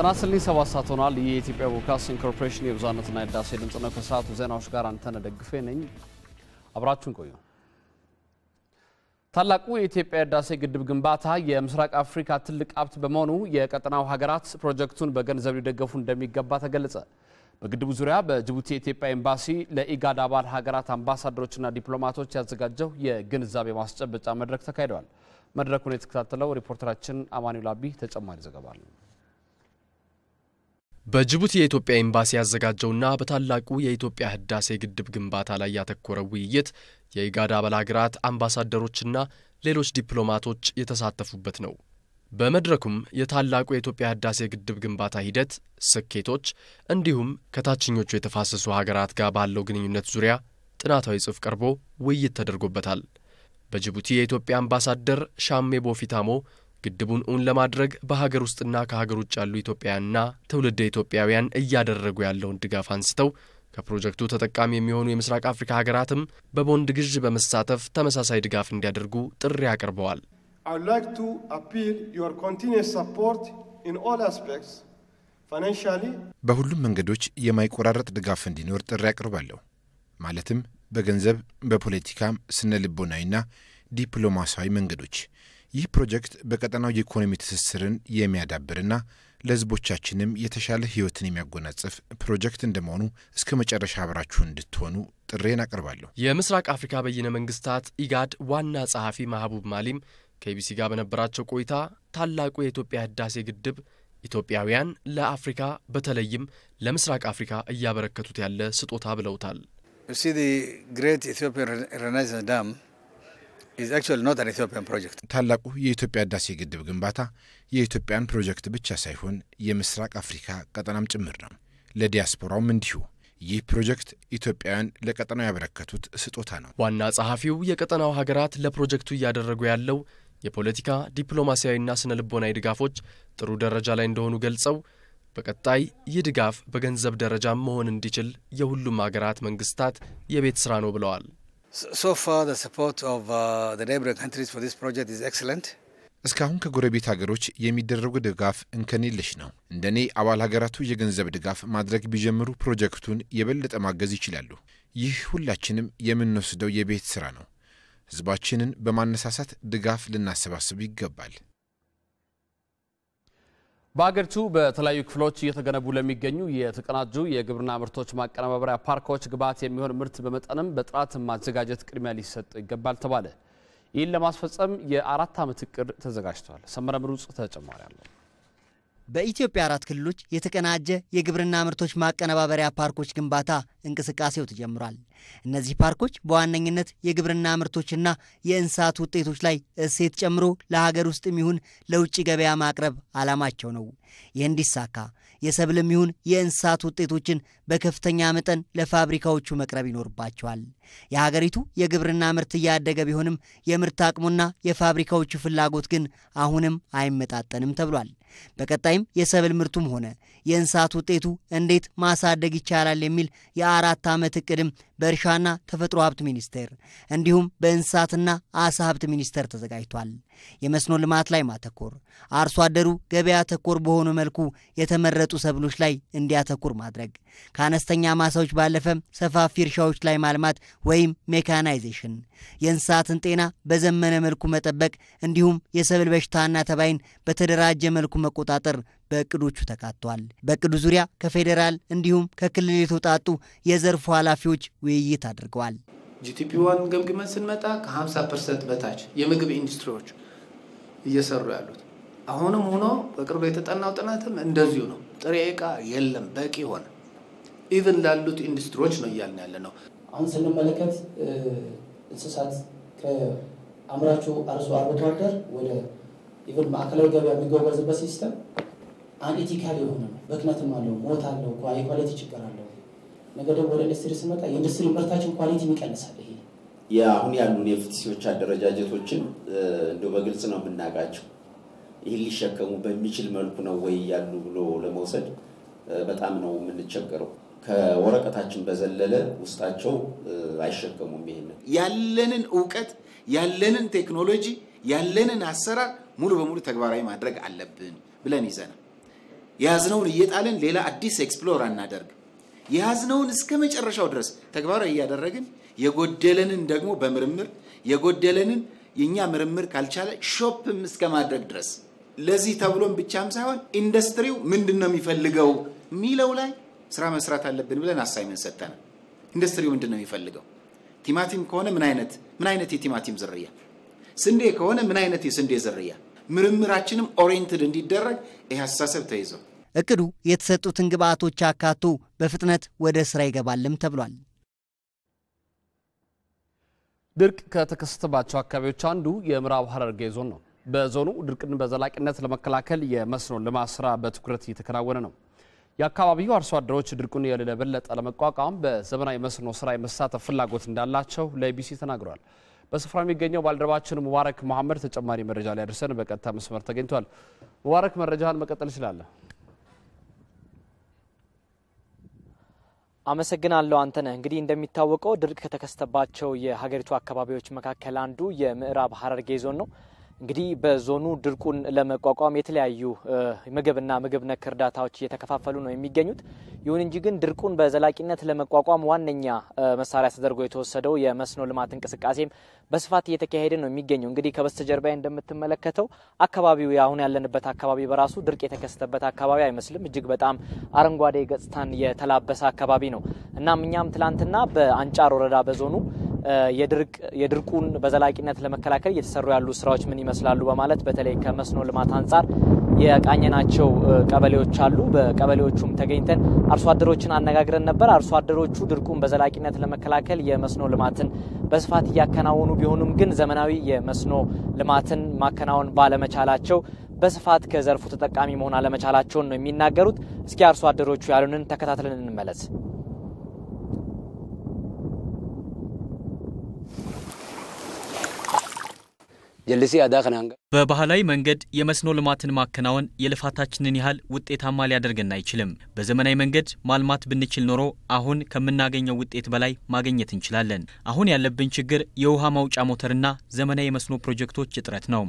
ጤና ይስጥልኝ። ሰባት ሰዓት ሆኗል። ይህ የኢትዮጵያ ብሮድካስቲንግ ኮርፖሬሽን የብዙሃንነትና የዳሴ ድምፅ ነው። ከሰዓቱ ዜናዎች ጋር አንተነህ ደግፌ ነኝ። አብራችሁን ቆዩ። ታላቁ የኢትዮጵያ ህዳሴ ግድብ ግንባታ የምስራቅ አፍሪካ ትልቅ ሀብት በመሆኑ የቀጠናው ሀገራት ፕሮጀክቱን በገንዘብ ሊደገፉ እንደሚገባ ተገለጸ። በግድቡ ዙሪያ በጅቡቲ የኢትዮጵያ ኤምባሲ ለኢጋድ አባል ሀገራት አምባሳደሮችና ዲፕሎማቶች ያዘጋጀው የግንዛቤ ማስጨበጫ መድረክ ተካሂደዋል። መድረኩን የተከታተለው ሪፖርተራችን አማኑኤል አቢ ተጨማሪ ዘገባ አለው። በጅቡቲ የኢትዮጵያ ኤምባሲ ያዘጋጀውና በታላቁ የኢትዮጵያ ህዳሴ ግድብ ግንባታ ላይ ያተኮረው ውይይት የኢጋድ አባል ሀገራት አምባሳደሮችና ሌሎች ዲፕሎማቶች የተሳተፉበት ነው። በመድረኩም የታላቁ የኢትዮጵያ ህዳሴ ግድብ ግንባታ ሂደት ስኬቶች፣ እንዲሁም ከታችኞቹ የተፋሰሱ ሀገራት ጋር ባለው ግንኙነት ዙሪያ ጥናታዊ ጽሑፍ ቀርቦ ውይይት ተደርጎበታል። በጅቡቲ የኢትዮጵያ አምባሳደር ሻሜ ቦፊታሞ ግድቡን እውን ለማድረግ በሀገር ውስጥና ከሀገር ውጭ ያሉ ኢትዮጵያውያንና ትውልደ ኢትዮጵያውያን እያደረጉ ያለውን ድጋፍ አንስተው ከፕሮጀክቱ ተጠቃሚ የሚሆኑ የምስራቅ አፍሪካ ሀገራትም በቦንድ ግዥ በመሳተፍ ተመሳሳይ ድጋፍ እንዲያደርጉ ጥሪ አቅርበዋል። በሁሉም መንገዶች የማይቆራረጥ ድጋፍ እንዲኖር ጥሪ አቅርባለሁ። ማለትም በገንዘብ፣ በፖለቲካም፣ ስነ ልቦናዊና ዲፕሎማሲያዊ መንገዶች ይህ ፕሮጀክት በቀጠናው የኢኮኖሚ ትስስርን የሚያዳብርና ለህዝቦቻችንም የተሻለ ህይወትን የሚያጎናጽፍ ፕሮጀክት እንደመሆኑ እስከ መጨረሻ አብራችሁ እንድትሆኑ ጥሬን አቀርባለሁ። የምስራቅ አፍሪካ በይነ መንግስታት ኢጋድ ዋና ጸሐፊ ማህቡብ ማሊም ከኢቢሲ ጋር በነበራቸው ቆይታ ታላቁ የኢትዮጵያ ህዳሴ ግድብ ኢትዮጵያውያን ለአፍሪካ በተለይም ለምስራቅ አፍሪካ እያበረከቱት ያለ ስጦታ ብለውታል። ታላቁ የኢትዮጵያ ህዳሴ ግድብ ግንባታ የኢትዮጵያን ፕሮጀክት ብቻ ሳይሆን የምስራቅ አፍሪካ ቀጠናም ጭምር ነው። ለዲያስፖራውም እንዲሁ። ይህ ፕሮጀክት ኢትዮጵያውያን ለቀጠናው ያበረከቱት ስጦታ ነው። ዋና ጸሐፊው የቀጠናው ሀገራት ለፕሮጀክቱ እያደረጉ ያለው የፖለቲካ ዲፕሎማሲያዊና ስነ ልቦናዊ ድጋፎች ጥሩ ደረጃ ላይ እንደሆኑ ገልጸው በቀጣይ ይህ ድጋፍ በገንዘብ ደረጃም መሆን እንዲችል የሁሉም ሀገራት መንግስታት የቤት ስራ ነው ብለዋል። So far the support of uh, the neighboring countries for this project is excellent. እስካሁን ከጎረቤት ሀገሮች የሚደረጉ ድጋፍ እንከን የለሽ ነው። እንደኔ አባል ሀገራቱ የገንዘብ ድጋፍ ማድረግ ቢጀምሩ ፕሮጀክቱን የበለጠ ማገዝ ይችላሉ። ይህ ሁላችንም የምንወስደው የቤት ስራ ነው። ህዝባችንን በማነሳሳት ድጋፍ ልናሰባስብ ይገባል። በሀገሪቱ በተለያዩ ክፍሎች እየተገነቡ ለሚገኙ የተቀናጁ የግብርና ምርቶች ማቀነባበሪያ ፓርኮች ግብዓት የሚሆን ምርት በመጠንም በጥራት ማዘጋጀት ቅድሚያ ሊሰጥ ይገባል ተባለ። ይህን ለማስፈጸም የአራት ዓመት እቅድ ተዘጋጅቷል። ሰመረ ምሩጽ ተጨማሪ አለው። በኢትዮጵያ አራት ክልሎች የተቀናጀ የግብርና ምርቶች ማቀነባበሪያ ፓርኮች ግንባታ እንቅስቃሴው ተጀምሯል። እነዚህ ፓርኮች በዋነኝነት የግብርና ምርቶችና የእንስሳት ውጤቶች ላይ እሴት ጨምሮ ለሀገር ውስጥም ይሁን ለውጭ ገበያ ማቅረብ ዓላማቸው ነው። ይህ እንዲሳካ የሰብልም ይሁን የእንስሳት ውጤቶችን በከፍተኛ መጠን ለፋብሪካዎቹ መቅረብ ይኖርባቸዋል። የሀገሪቱ የግብርና ምርት እያደገ ቢሆንም የምርት አቅሙና የፋብሪካዎቹ ፍላጎት ግን አሁንም አይመጣጠንም ተብሏል። በቀጣይም የሰብል ምርቱም ሆነ የእንስሳት ውጤቱ እንዴት ማሳደግ ይቻላል የሚል የአራት ዓመት እቅድም በእርሻና ተፈጥሮ ሀብት ሚኒስቴር እንዲሁም በእንስሳትና አሳ ሀብት ሚኒስቴር ተዘጋጅቷል። የመስኖ ልማት ላይ ማተኮር፣ አርሶ አደሩ ገበያ ተኮር በሆኑ መልኩ የተመረጡ ሰብሎች ላይ እንዲያተኩር ማድረግ፣ ከአነስተኛ ማሳዎች ባለፈ ሰፋፊ እርሻዎች ላይ ማልማት ወይም ሜካናይዜሽን፣ የእንስሳትን ጤና በዘመነ መልኩ መጠበቅ እንዲሁም የሰብል በሽታና ተባይን በተደራጀ መልኩ መቆጣጠር በእቅዶቹ ተካቷል። በእቅዱ ዙሪያ ከፌዴራል እንዲሁም ከክልል የተውጣጡ የዘርፉ ኃላፊዎች ውይይት አድርገዋል። ጂቲፒ ዋን ገምግመን ስንመጣ ከ50 ፐርሰንት በታች የምግብ ኢንዱስትሪዎች እየሰሩ ያሉት አሁንም ሆኖ በቅርቡ የተጠናው ጥናትም እንደዚሁ ነው። ጥሬ እቃ የለም በቂ ሆነ ኢቭን ላሉት ኢንዱስትሪዎች ነው እያልን ያለ ነው። አሁን ስንመለከት እንስሳት ከአምራቹ አርሶ አርብቶ አደር ወደ ኢቨን ማዕከላዊ ገበያ የሚጓጓዝበት ሲስተም አንኢቲካል የሆነ ነው። ብክነትም አለው፣ ሞት አለው፣ የኳሊቲ ችግር አለው። ነገር ደግሞ ወደ ኢንዱስትሪ ስመጣ የኢንዱስትሪ ምርታችን ኳሊቲ ይቀንሳል። ይሄ የአሁን ያሉን የፍትሴዎች አደረጃጀቶችን እንደው በግልጽ ነው የምናውቃቸው። ይህን ሊሸከሙ በሚችል መልኩ ነው ወይ ያሉ ብሎ ለመውሰድ በጣም ነው የምንቸገረው። ከወረቀታችን በዘለለ ውስጣቸው አይሸከሙም። ይሄንን ያለንን እውቀት ያለንን ቴክኖሎጂ ያለንን አሰራር ሙሉ በሙሉ ተግባራዊ ማድረግ አለብን ብለን ይዘናል። የያዝነውን እየጣለን ሌላ አዲስ ኤክስፕሎር አናደርግ። የያዝነውን እስከ መጨረሻው ድረስ ተግባራዊ እያደረግን የጎደለንን ደግሞ በምርምር የጎደለንን የእኛ ምርምር ካልቻለ ሾፕም እስከ ማድረግ ድረስ ለዚህ ተብሎም ብቻም ሳይሆን ኢንዱስትሪው ምንድን ነው የሚፈልገው የሚለው ላይ ስራ መስራት አለብን ብለን አሳይመን ሰጠናል። ኢንዱስትሪው ምንድን ነው የሚፈልገው? ቲማቲም ከሆነ ምን አይነት ምን አይነት የቲማቲም ዝርያ፣ ስንዴ ከሆነ ምን አይነት የስንዴ ዝርያ ምርምራችንም ኦሪየንትድ እንዲደረግ ይህ አስተሳሰብ ተይዘው እቅዱ የተሰጡትን ግብአቶች አካቶ በፍጥነት ወደ ስራ ይገባልም ተብሏል። ድርቅ ከተከሰተባቸው አካባቢዎች አንዱ የምዕራብ ሀረርጌ ዞን ነው። በዞኑ ድርቅን በዘላቂነት ለመከላከል የመስኖ ልማት ስራ በትኩረት እየተከናወነ ነው። የአካባቢው አርሶ አደሮች ድርቁን የበለጠ ለመቋቋም በዘመናዊ መስኖ ስራ የመሳተፍ ፍላጎት እንዳላቸው ለቢሲ ተናግረዋል። በስፍራ የሚገኘው ባልደረባችን ሙባረክ መሐመድ ተጨማሪ መረጃ ላይ ያደርሰን በቀጥታ መስመር ተገኝቷል። ሙባረክ መረጃህን መቀጠል ይችላለህ። አመሰግናለሁ አንተነህ። እንግዲህ እንደሚታወቀው ድርቅ ከተከሰተባቸው የሀገሪቱ አካባቢዎች መካከል አንዱ የምዕራብ ሀረርጌ ዞን ነው። እንግዲህ በዞኑ ድርቁን ለመቋቋም የተለያዩ ምግብና ምግብ ነክ እርዳታዎች እየተከፋፈሉ ነው የሚገኙት። ይሁን እንጂ ግን ድርቁን በዘላቂነት ለመቋቋም ዋነኛ መሳሪያ ተደርጎ የተወሰደው የመስኖ ልማት እንቅስቃሴም በስፋት እየተካሄደ ነው የሚገኘው። እንግዲህ ከበስተጀርባ እንደምትመለከተው አካባቢው አሁን ያለንበት አካባቢ በራሱ ድርቅ የተከሰተበት አካባቢ አይመስልም። እጅግ በጣም አረንጓዴ ገጽታን የተላበሰ አካባቢ ነው። እናም እኛም ትላንትና በአንጫር ወረዳ በዞኑ የድርቁን በዘላቂነት ለመከላከል እየተሰሩ ያሉ ስራዎች ምን ይመስላሉ በማለት በተለይ ከመስኖ ልማት አንጻር የቃኘናቸው ቀበሌዎች አሉ። በቀበሌዎቹም ተገኝተን አርሶ አደሮችን አነጋግረን ነበር። አርሶ አደሮቹ ድርቁን በዘላቂነት ለመከላከል የመስኖ ልማትን በስፋት እያከናወኑ ቢሆኑም ግን ዘመናዊ የመስኖ ልማትን ማከናወን ባለመቻላቸው በስፋት ከዘርፉ ተጠቃሚ መሆን አለመቻላቸውን ነው የሚናገሩት። እስኪ አርሶ አደሮቹ ያሉንን ተከታትለን እንመለስ። በባህላዊ መንገድ የመስኖ ልማትን ማከናወን የልፋታችንን ያህል ውጤታማ ሊያደርገን አይችልም። በዘመናዊ መንገድ ማልማት ብንችል ኖሮ አሁን ከምናገኘው ውጤት በላይ ማግኘት እንችላለን። አሁን ያለብን ችግር የውሃ ማውጫ ሞተርና ዘመናዊ የመስኖ ፕሮጀክቶች እጥረት ነው።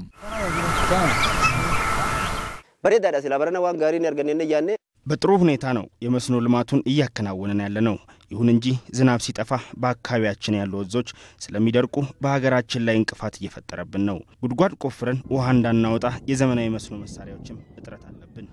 በጥሩ ሁኔታ ነው የመስኖ ልማቱን እያከናወንን ያለ ነው። ይሁን እንጂ ዝናብ ሲጠፋ በአካባቢያችን ያሉ ወንዞች ስለሚደርቁ በሀገራችን ላይ እንቅፋት እየፈጠረብን ነው። ጉድጓድ ቆፍረን ውሃ እንዳናወጣ የዘመናዊ መስኖ መሳሪያዎችም እጥረት አለብን።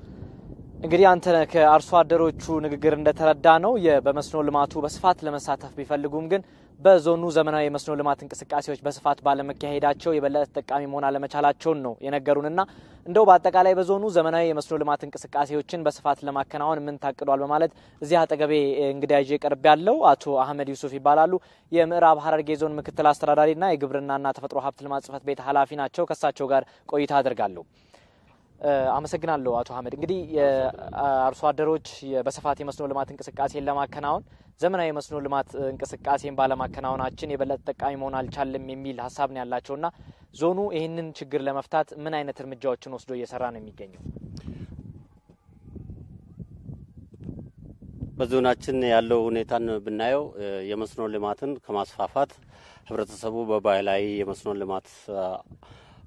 እንግዲህ አንተ ከአርሶ አደሮቹ ንግግር እንደተረዳ ነው በመስኖ ልማቱ በስፋት ለመሳተፍ ቢፈልጉም ግን በዞኑ ዘመናዊ የመስኖ ልማት እንቅስቃሴዎች በስፋት ባለመካሄዳቸው የበለጠ ተጠቃሚ መሆን አለመቻላቸውን ነው የነገሩንና እንደው በአጠቃላይ በዞኑ ዘመናዊ የመስኖ ልማት እንቅስቃሴዎችን በስፋት ለማከናወን ምን ታቅዷል? በማለት እዚህ አጠገቤ እንግዳ ይዤ ቀርብ ያለው አቶ አህመድ ዩሱፍ ይባላሉ። የምዕራብ ሀረርጌ ዞን ምክትል አስተዳዳሪና የግብርናና ተፈጥሮ ሀብት ልማት ጽሕፈት ቤት ኃላፊ ናቸው። ከእሳቸው ጋር ቆይታ አድርጋለሁ። አመሰግናለሁ አቶ አህመድ። እንግዲህ የአርሶ አደሮች በስፋት የመስኖ ልማት እንቅስቃሴን ለማከናወን ዘመናዊ የመስኖ ልማት እንቅስቃሴን ባለማከናወናችን የበለጠ ተጠቃሚ መሆን አልቻለም የሚል ሀሳብ ነው ያላቸው እና ዞኑ ይህንን ችግር ለመፍታት ምን አይነት እርምጃዎችን ወስዶ እየሰራ ነው የሚገኘው? በዞናችን ያለው ሁኔታን ብናየው የመስኖ ልማትን ከማስፋፋት ህብረተሰቡ በባህላዊ የመስኖ ልማት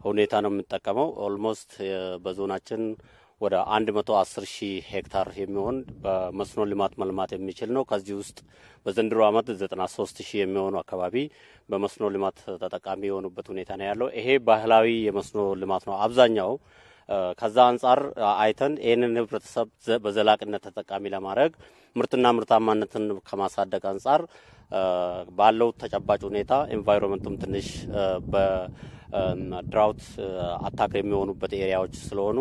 ሁኔታ ነው የምንጠቀመው። ኦልሞስት በዞናችን ወደ 110 ሺህ ሄክታር የሚሆን በመስኖ ልማት መልማት የሚችል ነው። ከዚህ ውስጥ በዘንድሮ ዓመት 93 ሺህ የሚሆኑ አካባቢ በመስኖ ልማት ተጠቃሚ የሆኑበት ሁኔታ ነው ያለው። ይሄ ባህላዊ የመስኖ ልማት ነው አብዛኛው። ከዛ አንጻር አይተን ይህንን ህብረተሰብ በዘላቂነት ተጠቃሚ ለማድረግ ምርትና ምርታማነትን ከማሳደግ አንጻር ባለው ተጨባጭ ሁኔታ ኤንቫይሮንመንቱም ትንሽ ድራውት አታክ የሚሆኑበት ኤሪያዎች ስለሆኑ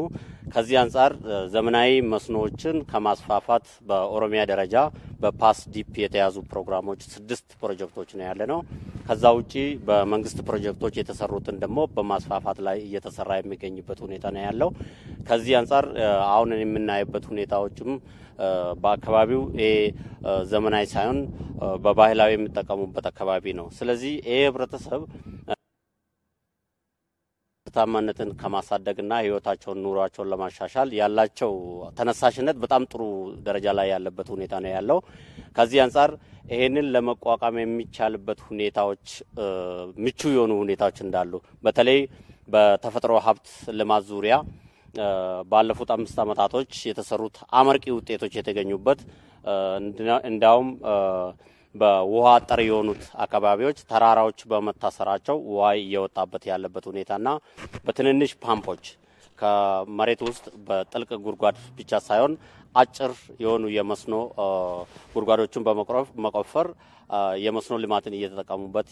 ከዚህ አንጻር ዘመናዊ መስኖዎችን ከማስፋፋት በኦሮሚያ ደረጃ በፓስ ዲፕ የተያዙ ፕሮግራሞች ስድስት ፕሮጀክቶች ነው ያለ ነው። ከዛ ውጪ በመንግስት ፕሮጀክቶች የተሰሩትን ደግሞ በማስፋፋት ላይ እየተሰራ የሚገኝበት ሁኔታ ነው ያለው። ከዚህ አንጻር አሁን የምናየበት ሁኔታዎችም በአካባቢው ይሄ ዘመናዊ ሳይሆን በባህላዊ የሚጠቀሙበት አካባቢ ነው። ስለዚህ ይሄ ህብረተሰብ ምርታማነትን ከማሳደግና ህይወታቸውን ኑሯቸውን ለማሻሻል ያላቸው ተነሳሽነት በጣም ጥሩ ደረጃ ላይ ያለበት ሁኔታ ነው ያለው። ከዚህ አንጻር ይህንን ለመቋቋም የሚቻልበት ሁኔታዎች ምቹ የሆኑ ሁኔታዎች እንዳሉ በተለይ በተፈጥሮ ሀብት ልማት ዙሪያ ባለፉት አምስት ዓመታቶች የተሰሩት አመርቂ ውጤቶች የተገኙበት እንዲያውም በውሃ አጠር የሆኑት አካባቢዎች ተራራዎች በመታሰራቸው ውሃ እየወጣበት ያለበት ሁኔታና በትንንሽ ፓምፖች ከመሬት ውስጥ በጥልቅ ጉድጓድ ብቻ ሳይሆን አጭር የሆኑ የመስኖ ጉድጓዶችን በመቆፈር የመስኖ ልማትን እየተጠቀሙበት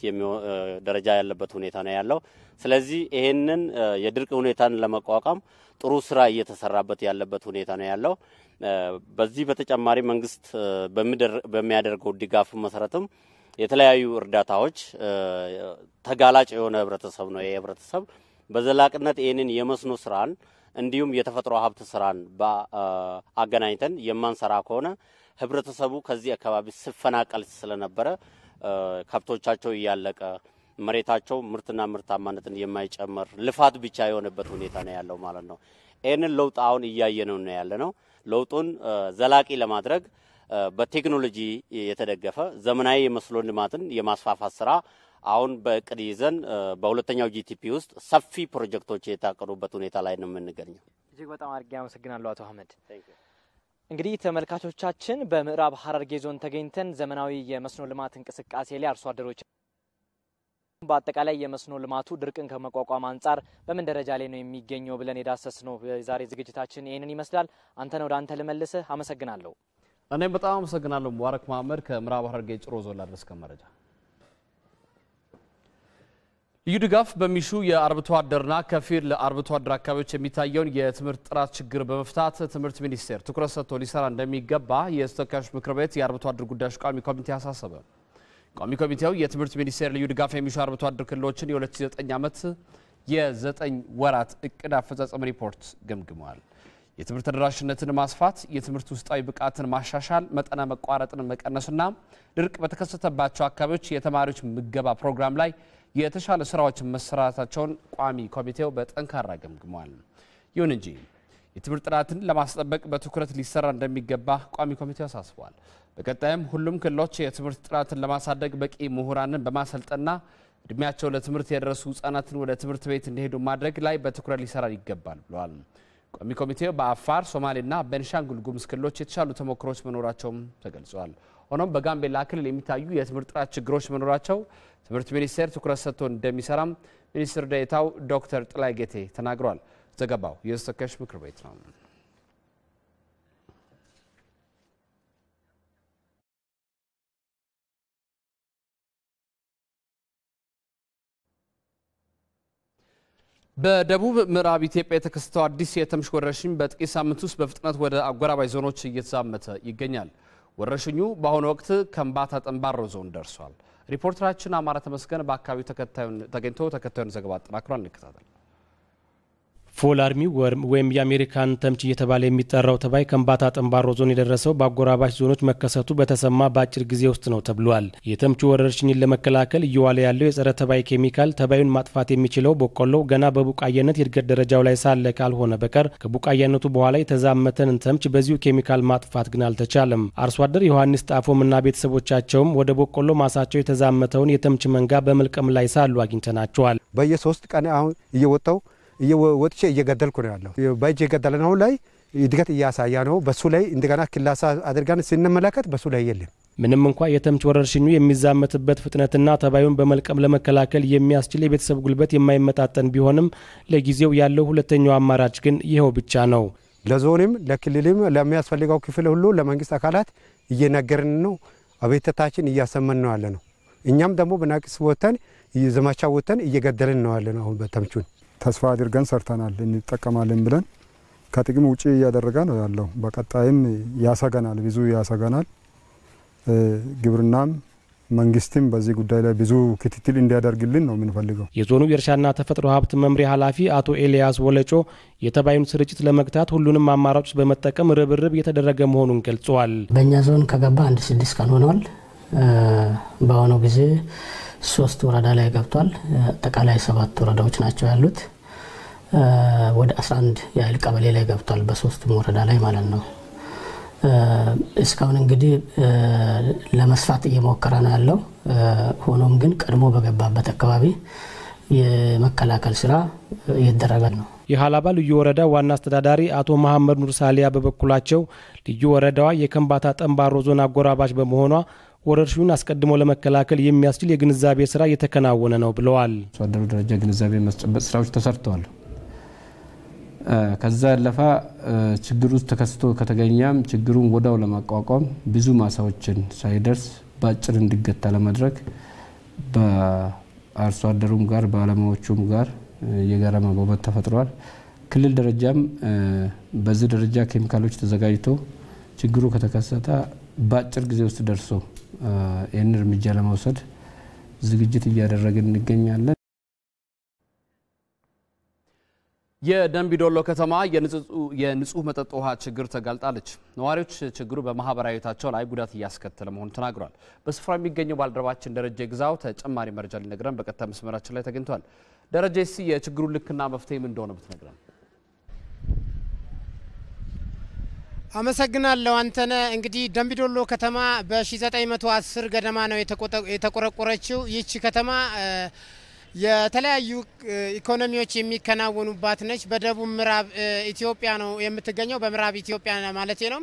ደረጃ ያለበት ሁኔታ ነው ያለው። ስለዚህ ይህንን የድርቅ ሁኔታን ለመቋቋም ጥሩ ስራ እየተሰራበት ያለበት ሁኔታ ነው ያለው። በዚህ በተጨማሪ መንግስት በሚያደርገው ድጋፍ መሰረትም የተለያዩ እርዳታዎች ተጋላጭ የሆነ ህብረተሰብ ነው። ይህ ህብረተሰብ በዘላቅነት ይህንን የመስኖ ስራን እንዲሁም የተፈጥሮ ሀብት ስራን አገናኝተን የማንሰራ ከሆነ ህብረተሰቡ ከዚህ አካባቢ ሲፈናቀል ስለነበረ ከብቶቻቸው እያለቀ መሬታቸው ምርትና ምርታማነትን የማይጨምር ልፋት ብቻ የሆነበት ሁኔታ ነው ያለው ማለት ነው። ይህንን ለውጥ አሁን እያየነው ነው ያለ ነው። ለውጡን ዘላቂ ለማድረግ በቴክኖሎጂ የተደገፈ ዘመናዊ የመስኖ ልማትን የማስፋፋት ስራ አሁን በእቅድ ይዘን በሁለተኛው ጂቲፒ ውስጥ ሰፊ ፕሮጀክቶች የታቀዱበት ሁኔታ ላይ ነው የምንገኘው። እጅግ በጣም አድርጌ አመሰግናለሁ አቶ አህመድ። እንግዲህ ተመልካቾቻችን በምዕራብ ሀረርጌ ዞን ተገኝተን ዘመናዊ የመስኖ ልማት እንቅስቃሴ ላይ አርሶ አደሮች በአጠቃላይ የመስኖ ልማቱ ድርቅን ከመቋቋም አንጻር በምን ደረጃ ላይ ነው የሚገኘው ብለን የዳሰስ ነው የዛሬ ዝግጅታችን ይህንን ይመስላል። አንተነህ ወደ አንተ ልመልስህ። አመሰግናለሁ። እኔም በጣም አመሰግናለሁ ሙባረክ መሀመድ ከምዕራብ ሐረርጌ ጭሮ ዞን ላደረስከን መረጃ። ልዩ ድጋፍ በሚሹ የአርብቶ አደርና ከፊል አርብቶ አደር አካባቢዎች የሚታየውን የትምህርት ጥራት ችግር በመፍታት ትምህርት ሚኒስቴር ትኩረት ሰጥቶ ሊሰራ እንደሚገባ የተወካዮች ምክር ቤት የአርብቶ አደር ጉዳዮች ቋሚ ኮሚቴ አሳሰበ። ቋሚ ኮሚቴው የትምህርት ሚኒስቴር ልዩ ድጋፍ የሚሹ አርብቶ አደር ክልሎችን የ2009 ዓመት የዘጠኝ ወራት እቅድ አፈጻጸም ሪፖርት ገምግመዋል። የትምህርት ተደራሽነትን ማስፋት፣ የትምህርት ውስጣዊ ብቃትን ማሻሻል፣ መጠነ መቋረጥን መቀነስና ድርቅ በተከሰተባቸው አካባቢዎች የተማሪዎች ምገባ ፕሮግራም ላይ የተሻለ ስራዎች መሰራታቸውን ቋሚ ኮሚቴው በጠንካራ ገምግሟል። ይሁን እንጂ የትምህርት ጥራትን ለማስጠበቅ በትኩረት ሊሰራ እንደሚገባ ቋሚ ኮሚቴው አሳስቧል። በቀጣይም ሁሉም ክልሎች የትምህርት ጥራትን ለማሳደግ በቂ ምሁራንን በማሰልጠና እድሜያቸው ለትምህርት የደረሱ ህጻናትን ወደ ትምህርት ቤት እንዲሄዱ ማድረግ ላይ በትኩረት ሊሰራ ይገባል ብለዋል። ቋሚ ኮሚቴው በአፋር ሶማሌና በቤንሻንጉል ጉሙዝ ክልሎች የተሻሉ ተሞክሮች መኖራቸውም ተገልጿል። ሆኖም በጋምቤላ ክልል የሚታዩ የትምህርት ጥራት ችግሮች መኖራቸው ትምህርት ሚኒስቴር ትኩረት ሰጥቶ እንደሚሰራም ሚኒስትር ዴኤታው ዶክተር ጥላይ ጌቴ ተናግሯል። ዘገባው የተወካዮች ምክር ቤት ነው። በደቡብ ምዕራብ ኢትዮጵያ የተከሰተው አዲስ የተምች ወረርሽኝ በጥቂት ሳምንት ውስጥ በፍጥነት ወደ አጎራባይ ዞኖች እየተዛመተ ይገኛል። ወረርሽኙ በአሁኑ ወቅት ከምባታ ጠምባሮ ዞን ደርሷል። ሪፖርተራችን አማረ ተመስገን በአካባቢው ተገኝቶ ተከታዩን ዘገባ አጠናክሯል። እንከታተል። ፎል አርሚ ወይም የአሜሪካን ተምች እየተባለ የሚጠራው ተባይ ከምባታ ጠንባሮ ዞን የደረሰው በአጎራባች ዞኖች መከሰቱ በተሰማ በአጭር ጊዜ ውስጥ ነው ተብሏል። የተምቹ ወረርሽኝን ለመከላከል እየዋለ ያለው የጸረ ተባይ ኬሚካል ተባዩን ማጥፋት የሚችለው በቆሎው ገና በቡቃያነት የእድገት ደረጃው ላይ ሳለ ካልሆነ በቀር ከቡቃያነቱ በኋላ የተዛመተንን ተምች በዚሁ ኬሚካል ማጥፋት ግን አልተቻለም። አርሶ አደር ዮሐንስ ጣፎምና ቤተሰቦቻቸውም ወደ በቆሎ ማሳቸው የተዛመተውን የተምች መንጋ በመልቀም ላይ ሳሉ አግኝተናቸዋል። በየሶስት ቀን አሁን እየወጣው ወጥቼ እየገደልኩ ነው ያለው። በእጅ የገደለ ነው ላይ እድገት እያሳያ ነው። በሱ ላይ እንደገና ክላሳ አድርጋን ስንመለከት በሱ ላይ የለም። ምንም እንኳ የተምች ወረርሽኙ የሚዛመትበት ፍጥነትና ተባዩን በመልቀም ለመከላከል የሚያስችል የቤተሰብ ጉልበት የማይመጣጠን ቢሆንም ለጊዜው ያለው ሁለተኛው አማራጭ ግን ይኸው ብቻ ነው። ለዞንም ለክልልም ለሚያስፈልገው ክፍል ሁሉ ለመንግስት አካላት እየነገርን ነው፣ አቤተታችን እያሰመን ነው ያለ ነው። እኛም ደግሞ በናቅስ ወተን ዘማቻ ወተን እየገደልን ነው ያለ ነው አሁን በተምቹን ተስፋ አድርገን ሰርተናል፣ እንጠቀማለን ብለን ከጥቅም ውጪ እያደረገ ነው ያለው። በቀጣይም ያሰገናል፣ ብዙ ያሰገናል። ግብርናም መንግስትም በዚህ ጉዳይ ላይ ብዙ ክትትል እንዲያደርግልን ነው የምንፈልገው። የዞኑ የእርሻና ተፈጥሮ ሀብት መምሪያ ኃላፊ አቶ ኤልያስ ወለጮ የተባዩን ስርጭት ለመግታት ሁሉንም አማራጮች በመጠቀም ርብርብ እየተደረገ መሆኑን ገልጸዋል። በእኛ ዞን ከገባ አንድ ስድስት ቀን ሆኗል። በአሁኑ ጊዜ ሶስት ወረዳ ላይ ገብቷል። አጠቃላይ ሰባት ወረዳዎች ናቸው ያሉት። ወደ 11 የኃይል ቀበሌ ላይ ገብቷል፣ በሶስቱም ወረዳ ላይ ማለት ነው። እስካሁን እንግዲህ ለመስፋት እየሞከረ ነው ያለው። ሆኖም ግን ቀድሞ በገባበት አካባቢ የመከላከል ስራ እየተደረገ ነው። የሀላባ ልዩ ወረዳ ዋና አስተዳዳሪ አቶ መሐመድ ኑር ሳሊያ በበኩላቸው ልዩ ወረዳዋ የከንባታ ጠንባሮ ዞን አጎራባች በመሆኗ ወረርሽኙን አስቀድሞ ለመከላከል የሚያስችል የግንዛቤ ስራ እየተከናወነ ነው ብለዋል። አርሶ አደሩ ደረጃ ግንዛቤ ማስጨበጥ ስራዎች ተሰርተዋል። ከዛ ያለፈ ችግር ውስጥ ተከስቶ ከተገኘም ችግሩን ወዳው ለማቋቋም ብዙ ማሳዎችን ሳይደርስ በአጭር እንዲገታ ለማድረግ በአርሶ አደሩም ጋር ባለሙያዎቹም ጋር የጋራ መግባባት ተፈጥሯል። ክልል ደረጃም በዚህ ደረጃ ኬሚካሎች ተዘጋጅቶ ችግሩ ከተከሰተ በአጭር ጊዜ ውስጥ ደርሶ ይህን እርምጃ ለመውሰድ ዝግጅት እያደረግን እንገኛለን። የደንቢዶሎ ከተማ የንጹህ መጠጥ ውሃ ችግር ተጋልጣለች። ነዋሪዎች ችግሩ በማህበራዊ ህይወታቸው ላይ ጉዳት እያስከተለ መሆኑ ተናግሯል። በስፍራ የሚገኘው ባልደረባችን ደረጀ ግዛው ተጨማሪ መረጃ ሊነግረን በቀጥታ መስመራችን ላይ ተገኝቷል። ደረጀ፣ እስኪ የችግሩ ልክና መፍትሄ ምን እንደሆነ ብትነግረን። አመሰግናለሁ አንተነ እንግዲህ ደምቢዶሎ ከተማ በ1910 ገደማ ነው የተቆረቆረችው። ይህቺ ከተማ የተለያዩ ኢኮኖሚዎች የሚከናወኑባት ነች። በደቡብ ምዕራብ ኢትዮጵያ ነው የምትገኘው፣ በምዕራብ ኢትዮጵያ ማለት ነው።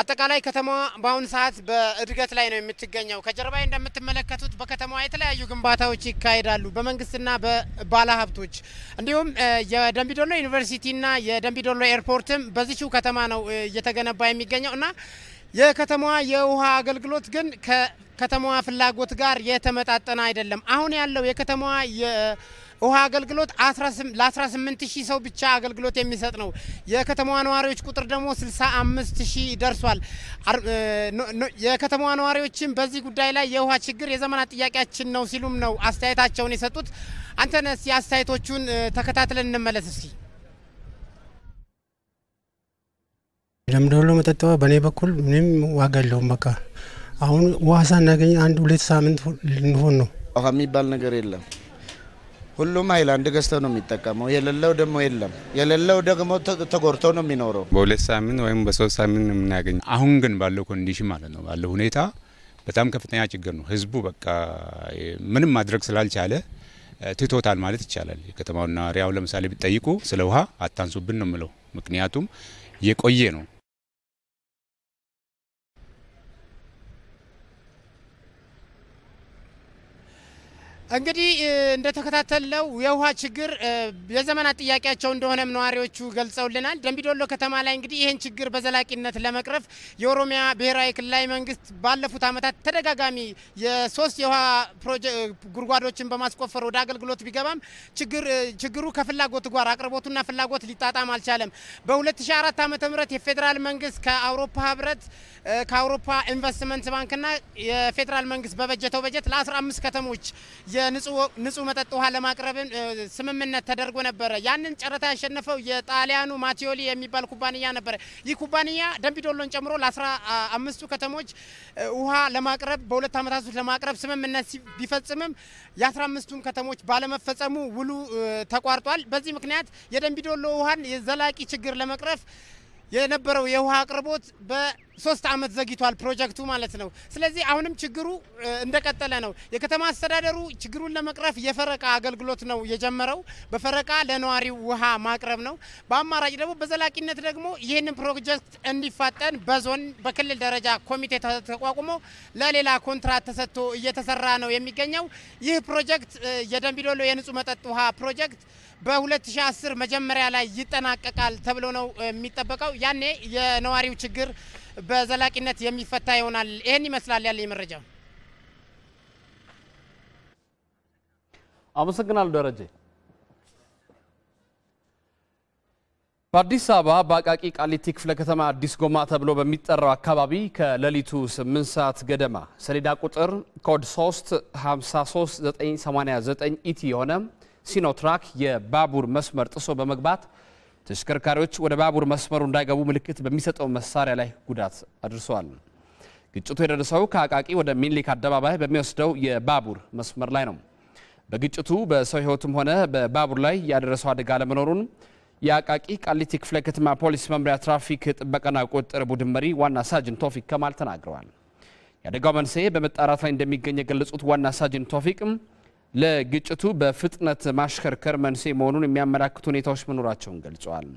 አጠቃላይ ከተማዋ በአሁኑ ሰዓት በእድገት ላይ ነው የምትገኘው። ከጀርባ እንደምትመለከቱት በከተማዋ የተለያዩ ግንባታዎች ይካሄዳሉ በመንግስትና በባለሀብቶች እንዲሁም የደንቢዶሎ ዩኒቨርሲቲና የደንቢዶሎ ኤርፖርትም በዚችው ከተማ ነው እየተገነባ የሚገኘው እና የከተማዋ የውሃ አገልግሎት ግን ከከተማዋ ፍላጎት ጋር የተመጣጠነ አይደለም። አሁን ያለው የከተማዋ ውሃ አገልግሎት ለ18 ሺህ ሰው ብቻ አገልግሎት የሚሰጥ ነው። የከተማዋ ነዋሪዎች ቁጥር ደግሞ 65 ሺህ ደርሷል። የከተማዋ ነዋሪዎችን በዚህ ጉዳይ ላይ የውሃ ችግር የዘመናት ጥያቄያችን ነው ሲሉም ነው አስተያየታቸውን የሰጡት። አንተነስ አስተያየቶቹን ተከታትለን እንመለስ እስ ደምደሎ መጠጥ ውሃ በእኔ በኩል ምንም ዋጋ የለውም። በቃ አሁን ውሃ ሳናገኝ አንድ ሁለት ሳምንት ልንሆን ነው። ውሃ የሚባል ነገር የለም። ሁሉም ሀይላንድ ገዝተው ነው የሚጠቀመው። የሌለው ደግሞ የለም። የሌለው ደግሞ ተጎርቶ ነው የሚኖረው። በሁለት ሳምንት ወይም በሶስት ሳምንት ነው አሁን ግን ባለው ኮንዲሽን ማለት ነው ባለው ሁኔታ በጣም ከፍተኛ ችግር ነው። ህዝቡ በቃ ምንም ማድረግ ስላልቻለ ትቶታል ማለት ይቻላል። የከተማውና ሪያው ለምሳሌ ቢጠይቁ ስለ ውሃ አታንሱብን ነው የምለው። ምክንያቱም የቆየ ነው እንግዲህ እንደተከታተልነው የውሃ ችግር የዘመናት ጥያቄያቸው እንደሆነም ነዋሪዎቹ ገልጸውልናል። ደንቢዶሎ ከተማ ላይ እንግዲህ ይህን ችግር በዘላቂነት ለመቅረፍ የኦሮሚያ ብሔራዊ ክልላዊ መንግስት ባለፉት ዓመታት ተደጋጋሚ የሶስት የውሃ ጉድጓዶችን በማስቆፈር ወደ አገልግሎት ቢገባም ችግሩ ከፍላጎት ጋር አቅርቦቱና ፍላጎት ሊጣጣም አልቻለም። በ2004 ዓ ም የፌዴራል መንግስት ከአውሮፓ ህብረት ከአውሮፓ ኢንቨስትመንት ባንክና የፌዴራል መንግስት በበጀተው በጀት ለ15 ከተሞች የንጹህ መጠጥ ውሃ ለማቅረብ ስምምነት ተደርጎ ነበረ። ያንን ጨረታ ያሸነፈው የጣሊያኑ ማቴዮሊ የሚባል ኩባንያ ነበረ። ይህ ኩባንያ ደንቢዶሎን ጨምሮ ለአስራ አምስቱ ከተሞች ውሃ ለማቅረብ በሁለት ዓመታት ውስጥ ለማቅረብ ስምምነት ቢፈጽምም የአስራ አምስቱም ከተሞች ባለመፈጸሙ ውሉ ተቋርጧል። በዚህ ምክንያት የደንቢዶሎ ውሃን የዘላቂ ችግር ለመቅረፍ የነበረው የውሃ አቅርቦት በ ሶስት አመት ዘግይቷል ፕሮጀክቱ ማለት ነው። ስለዚህ አሁንም ችግሩ እንደቀጠለ ነው። የከተማ አስተዳደሩ ችግሩን ለመቅረፍ የፈረቃ አገልግሎት ነው የጀመረው። በፈረቃ ለነዋሪው ውሃ ማቅረብ ነው። በአማራጭ ደግሞ በዘላቂነት ደግሞ ይህንን ፕሮጀክት እንዲፋጠን በዞን በክልል ደረጃ ኮሚቴ ተቋቁሞ ለሌላ ኮንትራት ተሰጥቶ እየተሰራ ነው የሚገኘው። ይህ ፕሮጀክት የደንቢዶሎ የንጹህ መጠጥ ውሃ ፕሮጀክት በ2010 መጀመሪያ ላይ ይጠናቀቃል ተብሎ ነው የሚጠበቀው። ያኔ የነዋሪው ችግር በዘላቂነት የሚፈታ ይሆናል። ይህን ይመስላል ያለ መረጃ። አመሰግናለሁ ደረጀ። በአዲስ አበባ በአቃቂ ቃሊቲ ክፍለ ከተማ አዲስ ጎማ ተብሎ በሚጠራው አካባቢ ከሌሊቱ 8 ሰዓት ገደማ ሰሌዳ ቁጥር ኮድ 3 53989 ኢቲ የሆነ ሲኖትራክ የባቡር መስመር ጥሶ በመግባት ተሽከርካሪዎች ወደ ባቡር መስመሩ እንዳይገቡ ምልክት በሚሰጠው መሳሪያ ላይ ጉዳት አድርሰዋል። ግጭቱ የደረሰው ከአቃቂ ወደ ሚኒሊክ አደባባይ በሚወስደው የባቡር መስመር ላይ ነው። በግጭቱ በሰው ሕይወትም ሆነ በባቡር ላይ ያደረሰው አደጋ ለመኖሩን የአቃቂ ቃሊቲ ክፍለ ከተማ ፖሊስ መምሪያ ትራፊክ ጥበቃና ቁጥጥር ቡድን መሪ ዋና ሳጅን ቶፊክ ከማል ተናግረዋል። የአደጋው መንስኤ በመጣራት ላይ እንደሚገኝ የገለጹት ዋና ሳጅን ቶፊቅም ለግጭቱ በፍጥነት ማሽከርከር መንስኤ መሆኑን የሚያመላክቱ ሁኔታዎች መኖራቸውን ገልጸዋል።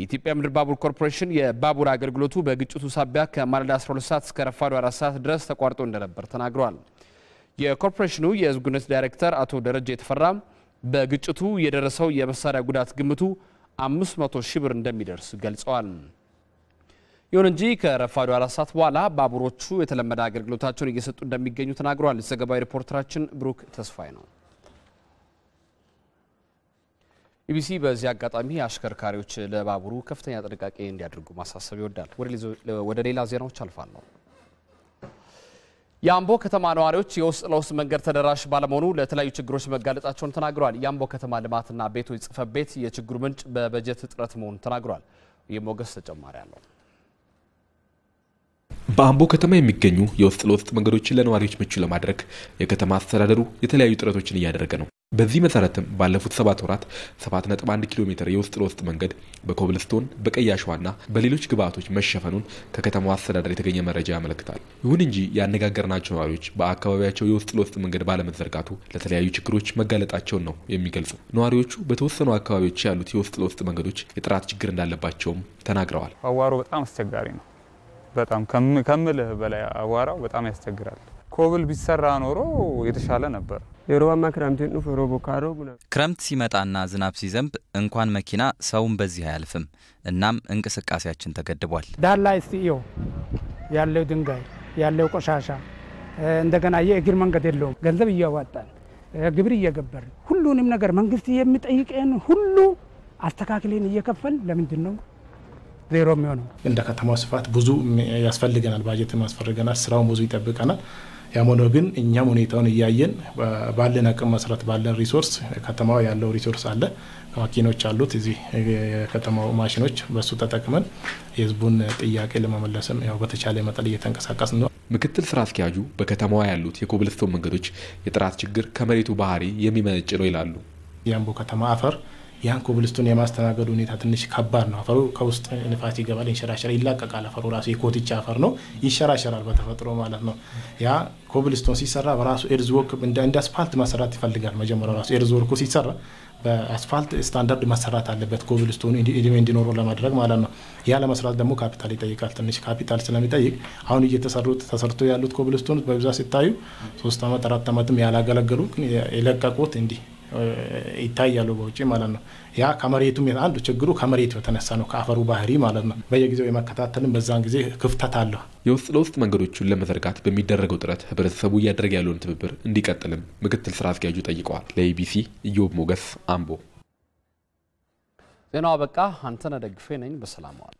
የኢትዮጵያ ምድር ባቡር ኮርፖሬሽን የባቡር አገልግሎቱ በግጭቱ ሳቢያ ከማለዳ 12 ሰዓት እስከ ረፋዱ 4 ሰዓት ድረስ ተቋርጦ እንደነበር ተናግሯል። የኮርፖሬሽኑ የሕዝብ ግንኙነት ዳይሬክተር አቶ ደረጀ የተፈራ በግጭቱ የደረሰው የመሳሪያ ጉዳት ግምቱ 500 ሺህ ብር እንደሚደርስ ገልጸዋል። ይሁን እንጂ ከረፋዱ አራት ሰዓት በኋላ ባቡሮቹ የተለመደ አገልግሎታቸውን እየሰጡ እንደሚገኙ ተናግረዋል። ዘገባዊ ሪፖርተራችን ብሩክ ተስፋይ ነው። ኢቢሲ በዚህ አጋጣሚ አሽከርካሪዎች ለባቡሩ ከፍተኛ ጥንቃቄ እንዲያደርጉ ማሳሰብ ይወዳል። ወደ ሌላ ዜናዎች አልፋለሁ። የአምቦ ከተማ ነዋሪዎች የውስጥ ለውስጥ መንገድ ተደራሽ ባለመሆኑ ለተለያዩ ችግሮች መጋለጣቸውን ተናግረዋል። የአምቦ ከተማ ልማትና ቤቶች ጽሕፈት ቤት የችግሩ ምንጭ በበጀት እጥረት መሆኑን ተናግሯል። የሞገስ ተጨማሪ አለው። በአምቦ ከተማ የሚገኙ የውስጥ ለውስጥ መንገዶችን ለነዋሪዎች ምቹ ለማድረግ የከተማ አስተዳደሩ የተለያዩ ጥረቶችን እያደረገ ነው። በዚህ መሰረትም ባለፉት ሰባት ወራት 7.1 ኪሎ ሜትር የውስጥ ለውስጥ መንገድ በኮብልስቶን በቀይ አሸዋና በሌሎች ግብአቶች መሸፈኑን ከከተማ አስተዳደር የተገኘ መረጃ ያመለክታል። ይሁን እንጂ ያነጋገርናቸው ነዋሪዎች በአካባቢያቸው የውስጥ ለውስጥ መንገድ ባለመዘርጋቱ ለተለያዩ ችግሮች መጋለጣቸውን ነው የሚገልጹ። ነዋሪዎቹ በተወሰኑ አካባቢዎች ያሉት የውስጥ ለውስጥ መንገዶች የጥራት ችግር እንዳለባቸውም ተናግረዋል። አዋሮ በጣም አስቸጋሪ ነው። በጣም ከምልህ በላይ አቧራው በጣም ያስቸግራል። ኮብል ቢሰራ ኖሮ የተሻለ ነበር። የሮባማ ክረምት ሲመጣና ዝናብ ሲዘንብ እንኳን መኪና ሰውን በዚህ አያልፍም። እናም እንቅስቃሴያችን ተገድቧል። ዳር ላይ እስቲ ያለው ድንጋይ ያለው ቆሻሻ እንደገና የእግር መንገድ የለውም። ገንዘብ እያዋጣን ግብር እየገበር ሁሉንም ነገር መንግስት የሚጠይቀን ሁሉ አስተካክሌን እየከፈል ለምንድን ነው ዜሮ የሚሆነው። እንደ ከተማው ስፋት ብዙ ያስፈልገናል፣ ባጀትም ያስፈልገናል፣ ስራውን ብዙ ይጠብቀናል። ያም ሆኖ ግን እኛም ሁኔታውን እያየን ባለን አቅም መሰረት ባለን ሪሶርስ ከተማው ያለው ሪሶርስ አለ ማኪኖች አሉት እዚህ የከተማው ማሽኖች በሱ ተጠቅመን የህዝቡን ጥያቄ ለመመለስም ያው በተቻለ መጠን እየተንቀሳቀስ ነው። ምክትል ስራ አስኪያጁ በከተማዋ ያሉት የኮብልስቶን መንገዶች የጥራት ችግር ከመሬቱ ባህሪ የሚመነጭ ነው ይላሉ። የአምቦ ከተማ አፈር ያን ኮብልስቶን የማስተናገዱ ሁኔታ ትንሽ ከባድ ነው። አፈሩ ከውስጥ ንፋስ ይገባል፣ ይንሸራሸራል፣ ይላቀቃል። አፈሩ ራሱ የኮትቻ አፈር ነው፣ ይንሸራሸራል በተፈጥሮ ማለት ነው። ያ ኮብልስቶን ሲሰራ በራሱ ኤርዝወርክ ወርክ እንደ አስፋልት መሰራት ይፈልጋል። መጀመሪያ ራሱ ኤርዝወርኩ ሲሰራ በአስፋልት ስታንዳርድ መሰራት አለበት፣ ኮብልስቶኑ እድሜ እንዲኖረው ለማድረግ ማለት ነው። ያ ለመስራት ደግሞ ካፒታል ይጠይቃል። ትንሽ ካፒታል ስለሚጠይቅ አሁን እየተሰሩት ተሰርቶ ያሉት ኮብልስቶኖች በብዛት ሲታዩ ሶስት አመት አራት አመትም ያላገለገሉ ግን የለቀቁት እንዲህ ይታያሉ በውጭ ማለት ነው። ያ ከመሬቱም አንዱ ችግሩ ከመሬቱ የተነሳ ነው፣ ከአፈሩ ባህሪ ማለት ነው። በየጊዜው የመከታተልም በዛን ጊዜ ክፍተት አለሁ። የውስጥ ለውስጥ መንገዶቹን ለመዘርጋት በሚደረገው ጥረት ህብረተሰቡ እያደረገ ያለውን ትብብር እንዲቀጥልም ምክትል ስራ አስኪያጁ ጠይቀዋል። ለኢቢሲ ኢዮብ ሞገስ አምቦ። ዜናው አበቃ። አንተነህ ደግፌ ነኝ። በሰላም ዋሉ።